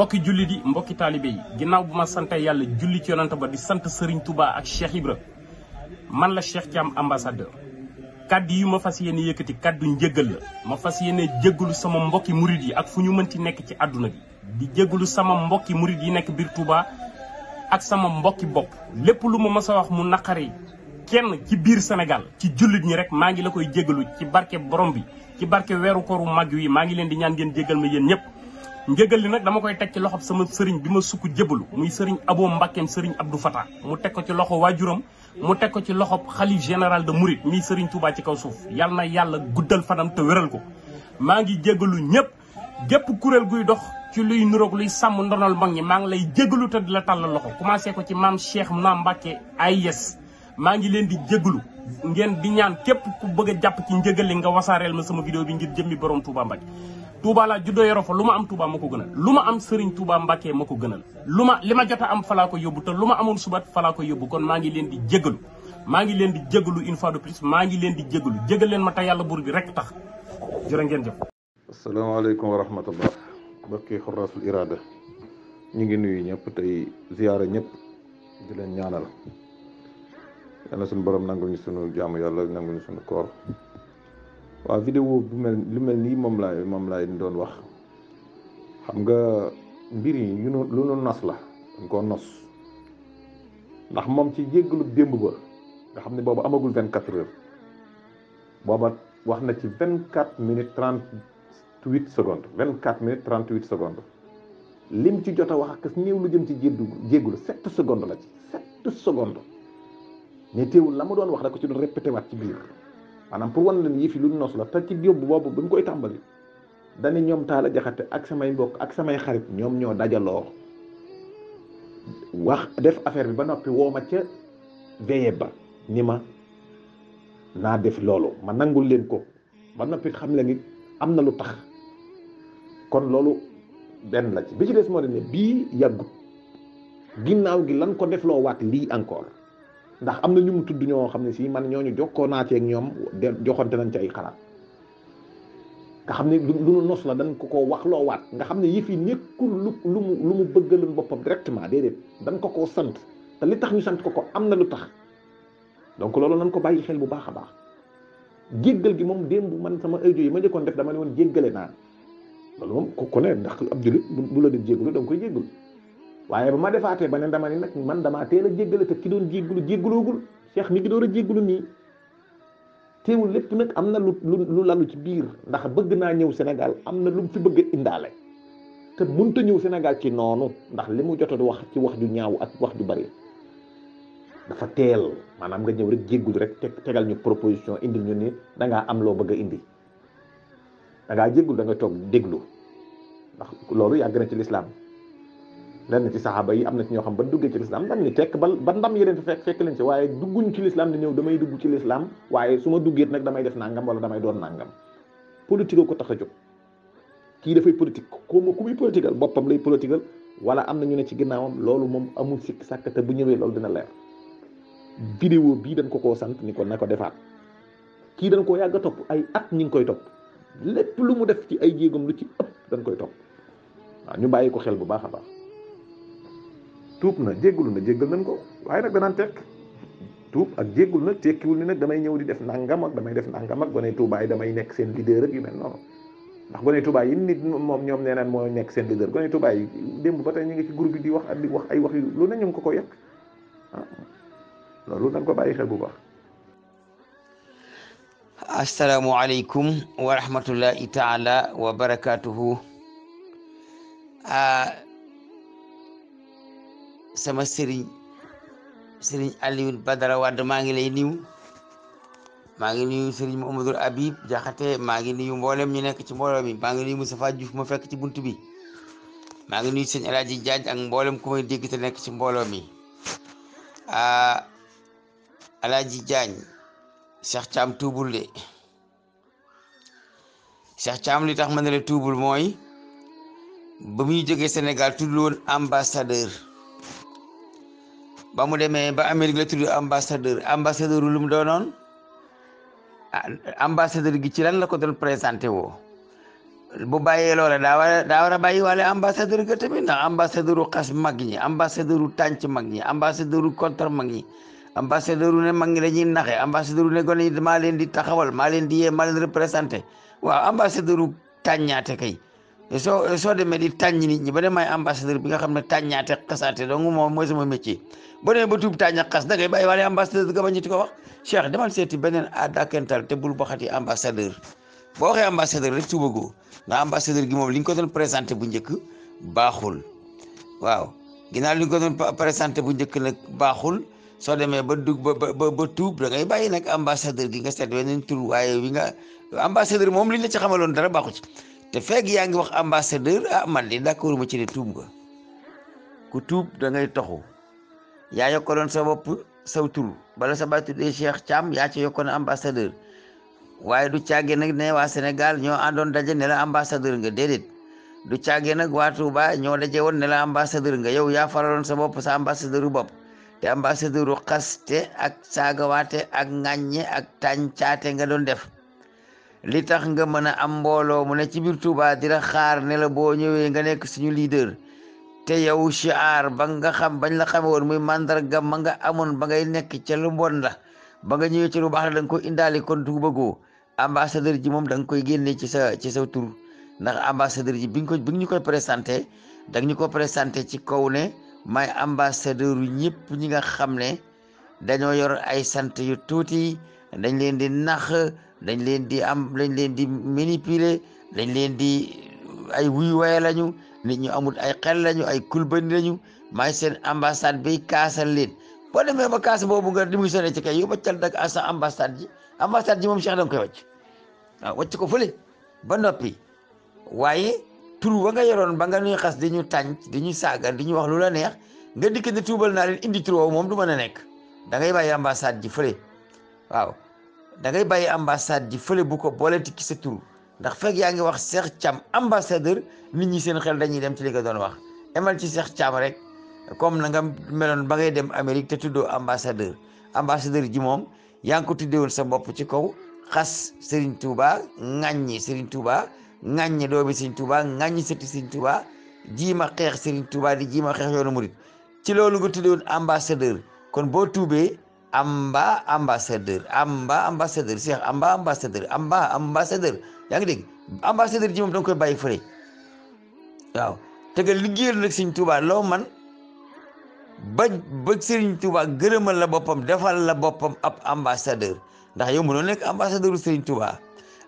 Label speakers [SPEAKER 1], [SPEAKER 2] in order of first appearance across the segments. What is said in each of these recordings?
[SPEAKER 1] mbokki jullit yi mbokki taalibe yi bu ma sante yàlla julli ci yonante ba di sante Serigne Touba ak Cheikh Ibra man la Cheikh tiam ambassadeur kaddu yuma fasiyene yekeuti kaddu njëgal la ma fasiyene yéene sama mbokki mouride yi ak fuñu ñu mënti ci aduna bi di jéggalu sama mbokki mouride yi nek bir Touba ak sama mbokki bop lepp lu ma sa wax mu nakari kenn ci nyerek senegal ci julit ñi rek ma ngi la koy jéggalu ci barke borom bi ci barke wéru koru mag wi ma ngi len di ñaan ngeen ma yeen ñepp njëgal li nag dama koy teg ci loxob sama sëriñ bi ma sukk jébalu muy sëriñ Abo Mbakkeem sëriñ du Fata mu teg ko ci loxo waajuram mu teg ko ci loxob xalif général de Mouride mii sëriñ Touba ci kaw suuf yal na yàlla guddal fanam te wéral ko maa ngi jégalu ñëpp gépp kuréel guy dox ci luy nuroog luy sàmm ndonal mag ñi maa ngi lay jégalu te di la tàllal loxo commencé ko ci maam Cheikh Naam ay yes maa ngi leen di jégalu ngeen di ñaan képp ku bëgg jàpp ci njëgal li nga wasaareel ma sama vidéo bi ngir jëmmi borom Touba Mbacke touba la judo yoro fa luma am touba mako gënal luma am serigne touba mbacké mako gënal luma lima jotta am fala ko yobbu te luma amul subat fala ko yobbu kon maangi len di jéggelu maangi len di jéggelu une fois de plus maangi len di jéggelu jéggel len ma ta yalla bur bi rek tax jere ngeen jëf
[SPEAKER 2] assalamu alaykum wa rahmatullah bakki khurasul irada ñi ngi nuyu ñepp tay ziyara ñepp di len ñaanal yalla sun borom nangul ñu sunu jaamu yalla nangul ñu sunu koor waaw vidéo bu mel lu mel nii moom laay moom laay doon wax xam nga mbir yi yu nu lu nu nas la dañ koo nos ndax moom ci jéggalu démb ba nga xam ne boobu amagul vingt quatre heures booba wax na ci vingt quatre minutes trente huit secondes vingt quatre minutes trente huit secondes lim ci jot a wax ak néew lu jëm ci jéggu jéggulu sept secondes la ci sept secondes mais la mu doon wax rek ko ci doon répété waat ci biir manam pour wan leen yëf lu nos la te ci yóbbu boobu ba mu koy tambali dani ñom taala jaxate ak samay mbokk ak samay xarit ñom ñoo dajalo wax def affaire bi ba nopi woo ma ca veye ba ni ma na def loolu ma nangul len ko ba nopi xam la nit am na lu tax kon lolu ben la ci bi ci des mo ni bi bii ginnaw gi lan ko lo wat li encore ndax am na ñu mu tudd ñoo xam ne sii man ñoo ñu jokkoo naa ci ak ñoom de joxante nañ ci ay xalaat nga xam ne lu lu nos la dañ ko ko wax loo waat nga xam ne yëf yi nekkul lu lu mu lu mu bëggaloon boppam directement déedéet dañ ko koo sant te li tax ñu sant ko ko am na lu tax donc loolu nañ ko bàyyi xel bu baax a baax jéggal gi moom démb man sama audio yi ma nekkoon def dama ne woon jéggale naan loolu moom ku ne ndax ab jullit bu la di jéggalu da nga koy jéggalu waye ba defate defaatee ne dama ni nak man dama teel a te ki doon jéggalu jéggaloogul cheikh ni ki doora a ni nii teewul lépp nag am lu lu lalu ci bir ndax bëgg na ñëw Sénégal amna na lu mu fi bëgg te mënta ñëw Sénégal ci nonu ndax limu mu wax ci wax ju ñaaw ak wax ju bari dafa teel manam nga ñëw rek jéggul rek te tegal ñu proposition indi ñu ni da nga am lo bëgg indi da nga jéggul da nga tok déglu ndax lolu yag na ci l'islam lenn ci saxaaba yi am na ci ñoo xam ba duggee ci lislaam dañ ni tekk ba ba ndam yi leen fi fekk fekk leen ci waaye dugguñ ci lislaam di ñëw damay dugg ci lislaam waaye su ma duggee nag damay def nangam wala damay doon nangam politique ko tax a jóg kii dafay politique ku mu ku muy politiqueal boppam lay politiqueal wala am na ñu ne ci ginnaawam loolu moom amul sikk sàkk bu ñëwee loolu dina leer vidéo bii dañ ko koo sant ni ko na ko defaat kii dañ koo yàgg a ay at ñi ngi koy topp lépp lu mu def ci ay jéegam lu ci dañ koy topp waaw ñu bàyyi ko xel bu baax a baax tuub na jéggalu na jéggal nañ ko waaye nag danaan tekk tuub ak jéggul nag tekkiwul ni nag damay ñëw di def nangam ak damay def nangam ak gone tuubaay damay nekk seen leader ak yu ndax gone tuubaay yi nit moom ñoom nee moo nekk seen leader gone tuubaay yi démb ba tey ñu ngi ci groupe bi di wax ak di wax ay wax yu lu ne ñu ko ko yekk ah loolu nañ ko bàyyi xel bu baax.
[SPEAKER 3] asalaamualeykum wa rahmatullahi taala wa barakaatuhu. Ah, sama sëriñ sëriñ Alioune Badara Wade maa ngi lay niw maa ngi nuyu sëriñ Mouhamadou Habib Diakhaté maa ngi nuyu mboolem ñu nekk ci mbooloo mi maa ngi nuyu Moustapha Diouf ma fekk ci bunt bi maa ngi nuyu sëñ El ak mboolem ku dégg nekk ci mbooloo mi ah El Hadji Diagne Cheikh Thiam de Cheikh Thiam li tax ma ne la mooy ba muy jógee Sénégal tuddul ambassadeur. ba mu demee ba Amérique la tudd ambassadeur ambassadeur lu mu doonoon ah, ambassadeur gi ci lan la ko doon présenté woo bu bàyyee loola daa war a daa war a bàyyi waale ambassadeur ga tamit ndax ambassadeur u xas mag ñi ambassadeur u tànc mag ñi ambassadeur u contre mag ñi ambassadeur u ne mag ñi dañuy naxe ambassadeur u ne gone yi maa leen di taxawal maa leen di yee maa leen représenté waaw ambassadeur u tàññaate kay soo soo demee di tàññ nit ñi ba dee may ambassadeur bi nga xam ne tàññaate xasaate donc moom mooy sama métier boo demee ba tuub tàñña xas da ngay bàyyi waale ambassadeur ga bañiti ko wax Cheikh demal seeti beneen àddakental te bul waxati ambassadeur boo waxee ambassadeur rek tuubagoo ambassadeur gi moom li ñu ko doon présenté bu njëkk baaxul waaw ginnaaw li ñu ko doon présenté bu njëkk nag baaxul soo demee ba dug ba ba ba tuub da ngay bàyyi nag ambassadeur gi nga seet beneen tur waaye wi nga ambassadeur moom li ñu la ci xamaloon dara baaxu ci te fekk yaa ngi wax ambassadeur ah man de d'accord ma ci ne tuub nga ku tuub da ngay toxu yaa yokkaloon sa bopp saw bala sa baay tuddee Cheikh Thiam yaa ci yokkoon ambassadeur waaye du caage nag ne waa Sénégal ñoo àndoon da ne la ambassadeur nga déedéet du caage nag waa Touba ñoo daje woon ne la ambassadeur nga yow yaa faraloon sa bopp sa ambassadeur u bopp te ambassadeur u xaste ak saagawaate ak ŋàññe ak tàncaate nga doon def li tax nga mën a am mbooloo mu ne ci biir Touba di la xaar ne boo ñëwee nga nekk suñu leader te yow chiar ba nga xam bañ la xame woon muy mandarga ma nga amoon ba ngay nekk ca lu mbon la ba nga ñëwee ci lu baax la da nga koy indaale kon du ji moom da nga koy génne ci sa ci sa tur ndax ambassadeur ji bi nga ko bi ñu koy présenté da ñu ko présenté ci kaw ne may ambassadeur yu ñëpp ñi nga xam ne dañoo yor ay sant yu tuuti dañ leen di nax dañ leen di am dañ leen di manipuler dañ leen di ay wuy waye lañu nit ñu amul ay xel lañu ay kulbani lañu maay seen ambassade bay kaasal leen boo demee ba kaas boobu nga démissionné ci kay yow ba cal dak sa ambassade ji ambassade ji moom Cheikh da nga koy wàcc waaw ah, wàcc ko fële ba noppi waaye tur wa nga yoroon ba nga xas di ñu tànc di ñu saaga di ñu wax lu la neex nga dikk ne tuubal naa indi tur woowu moom du mën a nekk da ngay bàyyi ji fële waaw da ngay bàyyi ambassade ji fële bu ko booleeti ki sa tur ndax fekk yaa ngi wax seex Thiam ambassadeur nit ñi seen xel dañuy dem ci li nga doon wax emal ci Cheikh Thiam comme na nga ba ngay dem Amérique te tuddoo ambassadeur ambassadeur ji moom yaa ngi ko tuddewoon sa bopp ci kaw xas Serigne Touba ŋàññi Serigne Touba ŋàññi doomi Serigne Touba ŋàññi sëti Serigne Touba jiima xeex Serigne Touba di jiima xeex yoonu murit ci loolu nga tuddewoon ambassadeur kon boo tuubee amba ambassadeur amba ambassadeur Cheikh amba ambassadeur amba ambassadeur yaa ngi dégg ambassadeur ji moom danga koy bay fële waaw te nga liggéeyal nag Sëriñ Tuubaa loo man ba ba Sëriñ Tuubaa gërëmal la boppam defal la boppam ab ambassadeur ndax yow mënoo nekk ambassadeur Sëriñ Tuubaa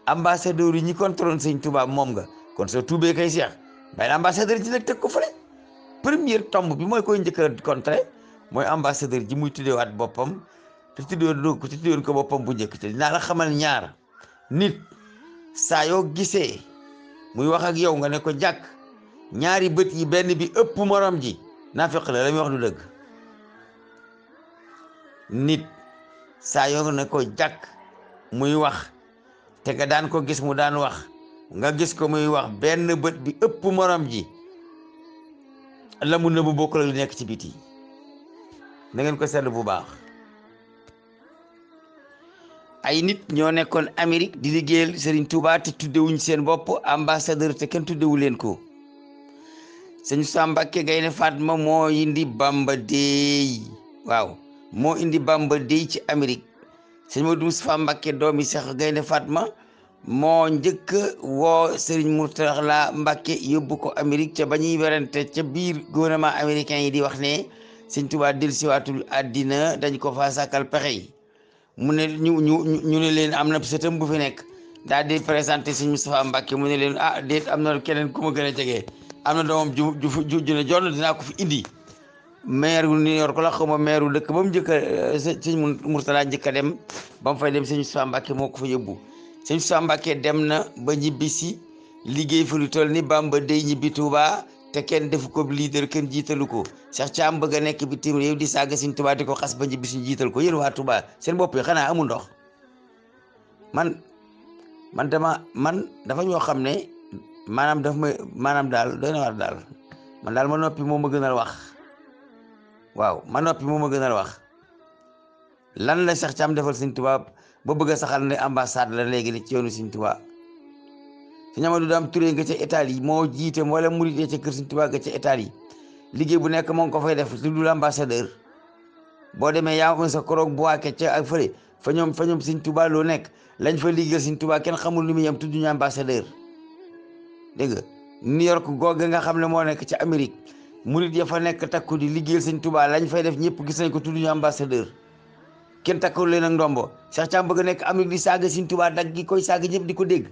[SPEAKER 3] ambassadeur yi ñi contrôle Sëriñ moom nga kon soo tuubee kay Cheikh bàyyi ambassadeur ji nag teg ko fële première tomb bi mooy koy njëkk a mooy ambassadeur ji muy tuddeewaat boppam te ci dóor doo ku ci dóor ko boppam bu gitu. njëkk ci dinaa la xamal ñaar nit saa yoo gisee muy wax ak yow nga ne ko jàkk ñaari bët yi benn bi ëpp morom ji nafiq la la wax du dëgg nit saa yoo ne ko jàkk muy wax te nga daan ko gis mu daan wax nga gis ko muy wax benn bët bi ëpp morom ji la mu bokkul ci biti na ngeen ko seetlu bu baax ay nit ñoo nekkoon Amérique di liggéey Serigne Touba te tuddewuñ seen bopp ambassadeur te kenn tuddewu leen ko sëñ Sambake Gaynde Fatma moo indi Bamba Day waaw moo indi Bamba Day ci Amérique sëñ Modou Moustapha Mbacke doomi Cheikh Gaynde Fatma moo njëkk woo Serigne Mourtala Mbacke yóbbu ko Amérique ca ba ñuy werante ca biir gouvernement américain yi di wax ne sëñ Touba dellusiwaatul àddina dañ ko fa sàkkal pexe yi mu ne ñu ñu ñu ne leen am na sëtam bu fi nekk daal di présenté Serigne Moustapha Mbacké mu ne leen ah déet am na keneen ku ma gën a jege am na doomam ju ju ju ne jonn dinaa ko fi indi maire wu New York la xaw ma maire dëkk ba mu njëkk a euh, Serigne Mourtada njëkk a dem ba mu fay dem Serigne Moustapha Mbacké moo ko fa yóbbu Serigne Moustapha Mbacké dem na ba ñibbisi liggéey fi lu toll ni Bamba day ñibbi Touba te kenn defu ko leader kenn jiitalu ko Cheikh Thiam bëgg a nekk bitim réew di saaga Sëñ di ko xas ba ñibbi suñu jiital ko yéen waa Tuubaa seen bopp yi xanaa amu ndox man man man dafa ñoo xam ne maanaam daf ma maanaam daal doy na war daal man daal ma noppi moo ma gënal wax waaw ma noppi moo ma gënal wax lan la Cheikh Thiam defal Sëñ Tuubaa ba bëgg a saxal ne ambassade la léegi ni ci yoonu Sëñ Tuubaa sëñ Amadou Dame Touré nga ca Italie moo jiite mboolem murid yi ca kër sëñ Tuubaa nga ca Italie liggéey bu nekk moo ngi ko fay def lu dul ambassadeur boo demee yaa ngi sa koroog bu waake ca ak fële fa ñoom fa ñoom sëñ Tuubaa nekk lañ fa liggéey sëñ Tuubaa kenn xamul lu muy yem tudd ñu ambassadeur dégg nga New York googe nga xam ne moo nekk ca Amérique murid ya fa nekk takku di liggéeyal sëñ Tuubaa lañ fay def ñëpp gis nañ ko tudd ñu ambassadeur kenn takkul leen ak ndombo Cheikh Thiam bëgg nekk Amérique di saaga sëñ Tuubaa dag gi koy saaga ñëpp di ko dégg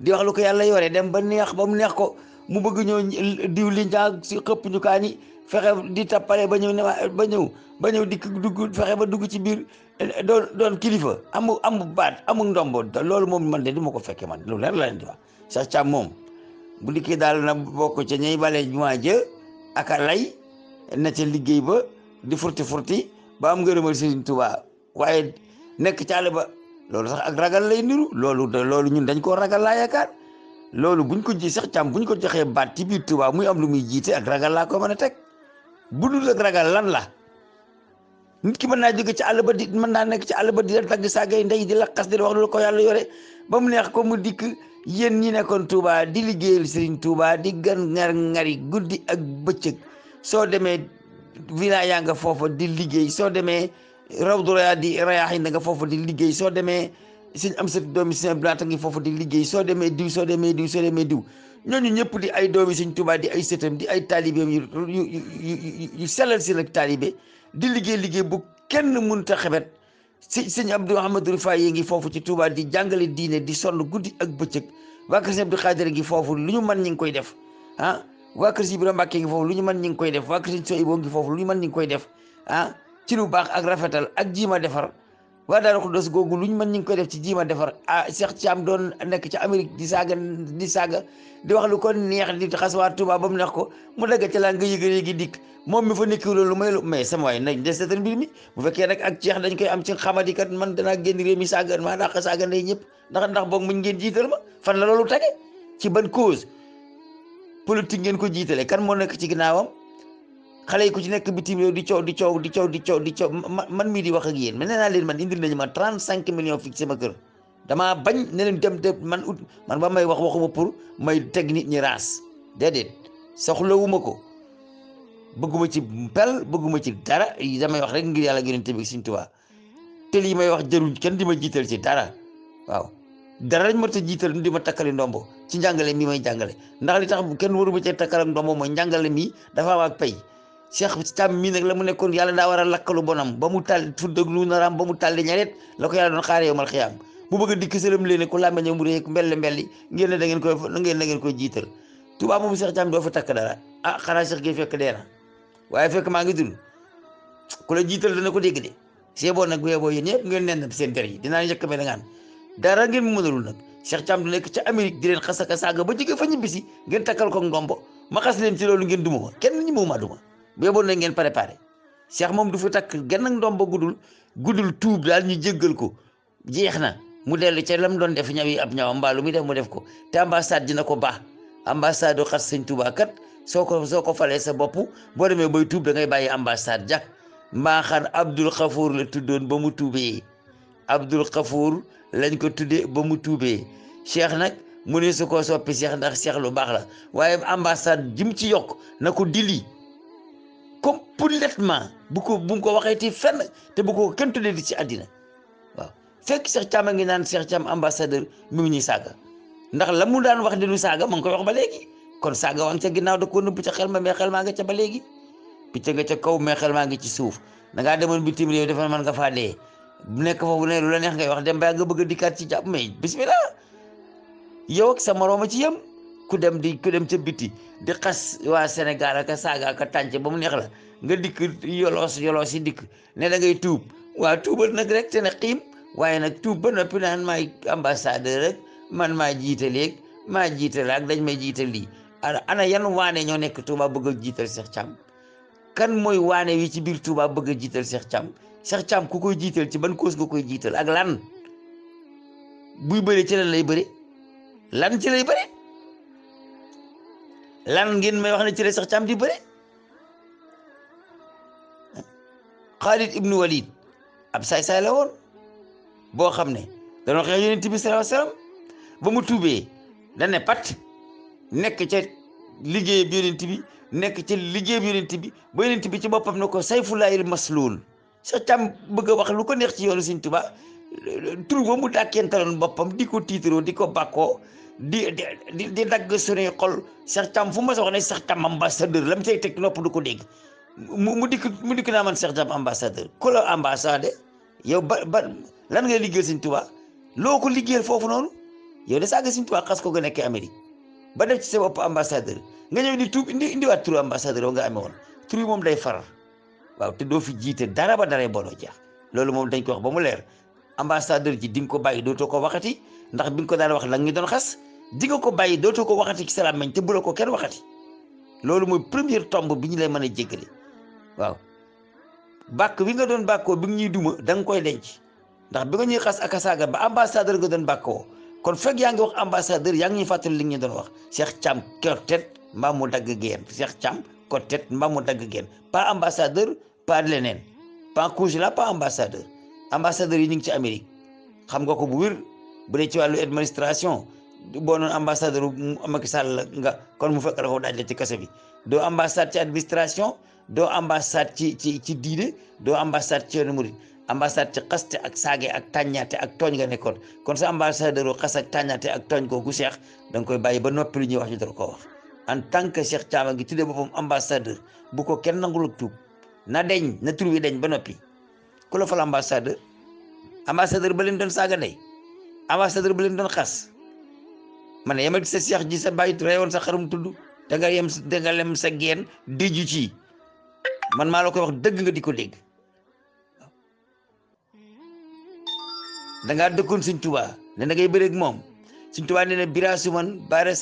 [SPEAKER 3] di wax lu ko yàlla yore dem ba neex ba mu neex ko mu bëgg ñoo diw li njaag si xëpp ñu kaani fexe di tappale ba ñëw ne ba ñëw ba ñëw dikk dugg fexe ba dugg ci biir eh, doon doon kilifa amu amu baat amu ndombo loolu moom man de du ma ko fekkee man lu leer la leen di wax sa càmm moom bu dikkee daal na bokk ca ñey bale jumaa jë ak a lay na ca liggéey ba di furti furti ba am ngërëmal Sëriñ Tuubaa waaye nekk caale ba loolu sax ak ragal lay niru loolu loolu ñun dañ koo ragal laa yaakaar loolu buñ ko ji sax càmm buñ ko joxee baat ci biir Tuubaa muy am lu muy jiite ak ragal laa ko mën a teg bu dul ak ragal lan la nit ki mën naa jóge ci àll ba di mën naa nekk ci àll ba di la tagg saagay ndey di la xas di la wax lu ko yàlla yore ba mu neex ko mu dikk yéen ñi nekkoon Tuubaa di liggéeyal Serigne Tuubaa di gan ngar ngari guddi ak bëccëg soo demee villa yaa nga foofa di liggéey soo demee rawdu rayaadi rayaaxin da nga foofu di liggéey soo demee suñ am sa doomi suñ blaata ngi foofu di liggéey soo demee diw soo demee diw soo demee diw ñooñu ñëpp di ay doomi suñ Tuubaa di ay sëtam di ay taalibeem yu sellal si nag taalibe di liggéey liggéey bu kenn mënut a xebet si sëñ Abdou Amadou Faye yi ngi foofu ci Touba di jàngale diine di sonn guddi ak bëccëg waa kër sëñ Abdou Khadir ngi foofu lu ñu man ñi ngi koy def ah waa kër sëñ Ibrahima Mbacke ngi foofu lu ñu ngi koy def waa kër sëñ foofu lu ñu mën ngi koy def ah, ci lu baax ak rafetal ak jiima defar waa daara xuddos googu luñ mën ñu ngi koy def ci jiim jiima defar ah Cheikh Thiam doon nekk ci Amérique di saaga di saaga di wax lu ko neex di xas waa Touba ba mu neex ko mu dagg ca laa nga yëg dikk moom mi fa nekki lu may lu mais sama waay nañ des seetal mbir mi bu fekkee nag ak Cheikh dañ koy am ci xamadi kat man danaa génn réew mi saaga maa dàq saaga ndey ñëpp ndax ndax boog muñ ngeen jiital fan la loolu tege ci ban cause politique ngeen ko jiitale kan moo nekk ci ginnaawam xale yi ku ci nekk bitim réew di coow di coow di coow di coow di coow man mii di wax ak yéen man nee naa leen man indi nañu ma trente cinq millions fii sama kër damaa bañ ne leen dem de man ut man ba may wax waxuma pour may teg nit ñi raas déedéet soxlawuma ko bëgguma ci pel bëgguma ci dara damay wax rek ngir yàlla gi yonent bi Sëriñ Tuubaa te yi may wax jëruñ kenn di ma jiital ci dara waaw dara dañ ma ta jiital di ma takkali ndombo ci njàngale mi may jàngale ndax li tax kenn waruma cee takkal ak mooy njàngale mi dafa am pay cheikh cam mii nag la mu nekkoon yàlla daa war a lakk bonam ba mu tal fu dëglu naram ba mu tal tàlli ñaret la ko yalla doon xaare yowal xiyam bu bëgg dikk sëlëm leen ko ku làmmeñe mu ko mbelli mbelli ngeen ne da ngeen koy ngeen da ngeen koy jiital tuba mu cheikh tam do fa tak dara ah xara cheikh gi fekk deena waye fekk ma ngi dul ku la da na ko dégg de c'est bon nak bu yebo yeen ñëpp ngeen nenn seen der yi dina ñëk mel ngaan dara ngeen mu mënalul nak cheikh tam du nekk ci amerique di leen xassaka saga ba jige fa ñibisi ngeen takal ko ngombo ma xass leen ci lolu ngeen duma ken ñi mu ma duma bu yeboon na ngeen préparé Cheikh moom du fa takk genn ak ndoom ba guddul guddul tuub daal ñu jéggal ko jeex na mu dellu la lam doon def ñaw yi ab ñaw mbaa lu muy def mu def ko te ambassade dina ko baax ambassade xat sëñ Tuubaa soo ko soo ko sa bopp boo demee bay tuub da ngay bàyyi ambassade jàkk mbaaxaan Abdul Xafour la tuddoon ba mu tuubee Abdul Xafour lañ ko tuddee ba mu tuubee Cheikh nag mu ne su ko soppi Cheikh ndax Cheikh lu baax la waaye ambassade jim ci yokk na ko dili complètement bu ko bu mu ko waxee ti fenn te bu ko kenn tuddee di ci àddina waaw fekk Cheikh Thiam a ngi naan Cheikh Thiam ambassadeur mu ngi ñuy saaga ndax la mu daan wax di nu saaga ma ngi koy wax ba léegi kon saaga waa ca ginnaaw da koo nëbb ca xel ma mais xel maa nga ca ba léegi picc nga ca kaw mais xel maa ngi ci suuf da ngaa demoon bitim réew dafa man nga fa dee bu nekk foofu ne lu la neex ngay wax dem ba nga bëgg a dikkaat ci jàpp mais bismillah yow ak sa morooma ci yem. ku dem di ku dem ca biti di xas waa Sénégal ak saaga ak tànc ba mu neex la nga dikk yoloos yoloos dikk ne da ngay tuub waa tuubal nag rek te ne xiim waaye nag tuub ba noppi naan maay ambassadeur rek man maa jiite léeg maa jiital la ak dañ may jiite lii ana yan waane ñoo nekk Touba bëgg a jiital seex Thiam kan mooy waane wi ci biir Touba bëgg a jiital Cheikh Thiam Cheikh Thiam ku koy jiital ci ban cause nga koy jiital ak lan buy bëri ci lan lay bëri lan ci lay bëri lan ngeen may wax ne ci la Cheikh Thiam di bëre Khalid ibn Walid ab saay-saay la woon boo xam ne danoon xeex yonent bi sallallahu alayhi wasallam ba mu tuubee da ne pat nekk ca liggéey yonent bi nekk ca liggéeyam yonent bi ba yonent bi ci boppam ne ko sayfullaahil masluul Cheikh Thiam bëgg a wax lu ko neex ci yoonu Sëriñ Tuubaa tur ba mu dàkkentaloon boppam di ko tiitaroo di ko bàkkoo di di di dagg suñuy xol Cheikh Thiam fu ma sa wax ne Cheikh Thiam ambassadeur la mu say teg nopp du ko dégg mu dikk mu dikk naa man Cheikh Thiam ambassadeur ku la ambassade yow ba ba lan ngay liggéeyal Sëñ Tuubaa loo ko liggéeyal foofu noonu yow de saaga Sëñ Tuubaa xas ko nga nekkee ba def ci sa bopp ambassadeur nga ñëw di tuub indi indiwaat turu ambassadeur yow nga amee woon tur moom day faral waaw te doo fi jiite dara ba daray bonoo jeex loolu moom dañ ko wax ba mu leer ambassadeur ji di nga ko bàyyi dootoo ko waxati ndax bi nga ko daan wax la ngi doon xas di nga ko bàyyi dootoo ko waxati ci salaam mañ te bu ko kenn waxati loolu mooy première tomb bi ñu lay mën a jéggale waaw bàkk bi nga doon bàkkoo bi nga ñuy duma da nga koy denc ndax bi nga ñuy xas ak saaga ba ambassadeur nga doon bàkkoo kon fekk yaa ngi wax ambassadeur yaa ngi ñuy fàttali li nga ñu doon wax Cheikh cam kortet mbaa mu dagg geen Cheikh Thiam kortet mbaa mu dagg geen pas ambassadeur pas leneen pas consulat pas ambassadeur yi ñu ngi ci Amérique xam nga ko bu bu dee ci wàllu administration boo noon ambassadeur Macky Sall la nga kon mu fekk dafa daaj ci kaso bi doo ambassade ci administration doo ambassade ci ci ci diine doo ambassade ci yoonu murid ambassade ci xaste ak saage ak tàññaate ak tooñ ga nekkoon kon sa ambassadeur xas ak tàññaate ak tooñ kooku Cheikh da nga koy bàyyi ba noppi lu ñuy wax ñu dara koo wax en tant que Cheikh Thiam a ngi tuddee boppam ambassadeur bu ko kenn nangul tuub na deñ na tur wi ba noppi ku la fal ambassadeur ba leen doon saaga ambassadeur bu leen don khas ma ne sa cheikh ji sa bayit rewon sa xarum tuddu da nga yam da nga lem sa geen diju ci man ma la koy wax deug nga di deg da nga dëkkoon seigne touba ne da ngay bëreeg mom seigne touba na birasu man baara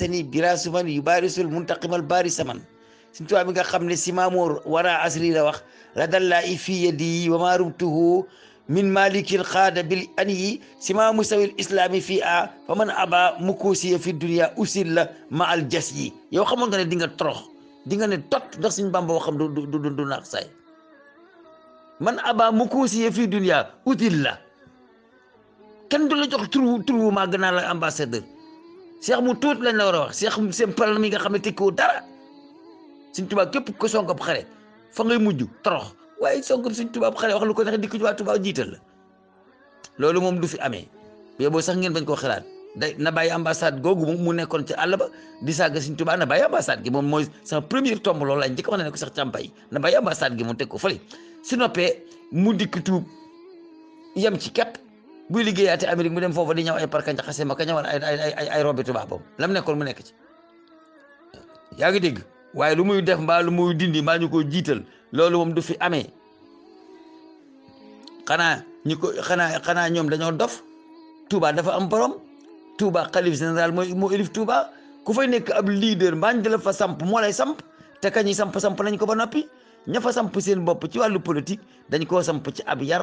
[SPEAKER 3] man yu barisul muntaqimal baari saman suñ bi nga xam wara asri la wax la fi yadi wa min malik al qada bil anhi sima musawil islami fi a fa man aba mukusi fi dunya usil ma maal jasi yo xamantene di nga trox di nga ne tot dox sin bamba wax xam nak say man aba mukusi fi dunya util la ken dula jox tru tru ma gna la mutut cheikh mu tout lañ la wara wax cheikh mu sem parlement nga sin tuba kep ko songo xare fa muju trox waaye sonkub suñ tubaab xale wax lu jiital loolu moom du fi amee mais boo sax ngeen bañ koo xalaat day na bàyyi ambassade googu mu nekkoon ci àll ba di saaga suñ tubaab na bàyyi ambassade gi moom mooy sama première tomb loolu laa njëkk wax ne ko sax càmpay na bàyyi ambassade gi mu teg ko fële si noppee mu dikk tuub yem ci képp buy liggéeyaate Amérique mu dem foofu di ñaw ay parka njaxase ma ka ñëwoon ay ay ay lam nekkoon mu nekk ci yaa ngi dégg waaye lu muy def mbaa lu muy dindi mbaa ñu ko jiital loolu moom du fi amee xanaa ñi ko xanaa xanaa ñoom dañoo dof Touba dafa am borom Touba xalif général mooy moo élif Touba ku fay nekk ab leader mbaañ di la fa samp molay lay samp te samp samp nañ ko ba noppi ña fa samp seen bopp ci wàllu politique dañ koo samp ci ab yar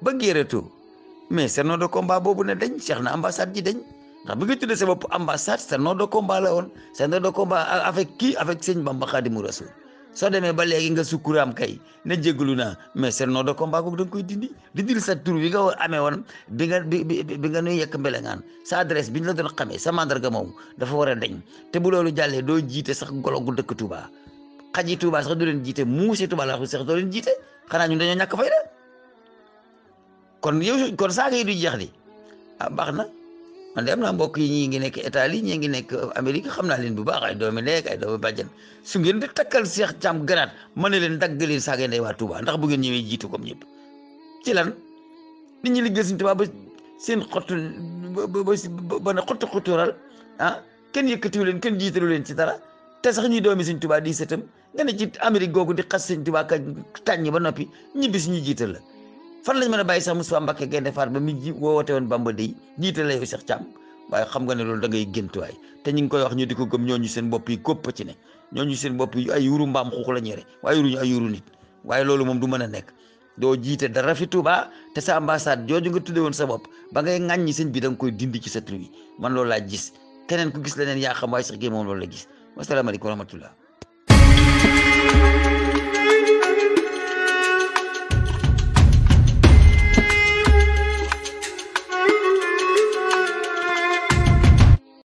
[SPEAKER 3] Bagiretu. Mais sernoɗo combat bobu ne dañ na ambassade ji dañ ndax bi nga tuddee sa bop ambassade sernoɗo combat la woon sernoɗo combat avec qui avec seigne bamba xaadimu rasoul so demee ba léegi nga sukuram kay ne djegluna naa mais sernoɗo combat googu da koy dindi di dil sa tour bi nga amé won bi nga bi bi nga nuy mbélé mbelengaan sa adresse biñ la doon xamé sa mandarga mom dafa war a dañ té bu lolu jallé do jité sax golo gu dëkk Touba xaji Touba sax du len jité muuse Touba la sax len jité xana ñu dañu ñak fay kon yow kon sa ngay du jeex di ah baxna man dem na mbok yi ñii ngi nek etali ñi ngi nek Amérique xamna leen bu baax ay doomi nek ay doomi bàjjan su ngeen di takkal Cheikh Thiam garaat mën leen dagge leen saaga ndey wa Touba ndax bu ngeen ñewé jitu kom ñep ci lan nit ñi liggéey suñu Touba ba seen xottu ba ba na xottu xottural ah kenn yëkkatiwu leen ken jiitalu leen ci dara té sax ñi doomi suñ Touba di sëtam nga ne ci Amérique gogu di xass suñ Touba ka tañ ba noppi ñibbi ñi jiital la fan lañ mën a bàyyi sax Moustapha Mbacké Gaynde Fatma mi ji woote woon Bamba dey jiite la yow Cheikh Thiam waaye xam nga ne loolu da ngay géntuwaay te ñu ngi koy wax ñu di ko gëm ñooñu seen bopp yi gópp ci ne ñooñu seen bopp yi ay yuru mbaam xuux la ñere waaye yuruñu ay yuru nit waaye loolu moom du mën a nekk doo jiite dara fi ba te sa ambassade jooju nga tudde woon sa bopp ba ngay ñi seen bi da koy dindi ci sa tur man loolu laa gis keneen ku gis leneen yaa xam waaye sax gi moom loolu la gis wasalaamaaleykum wa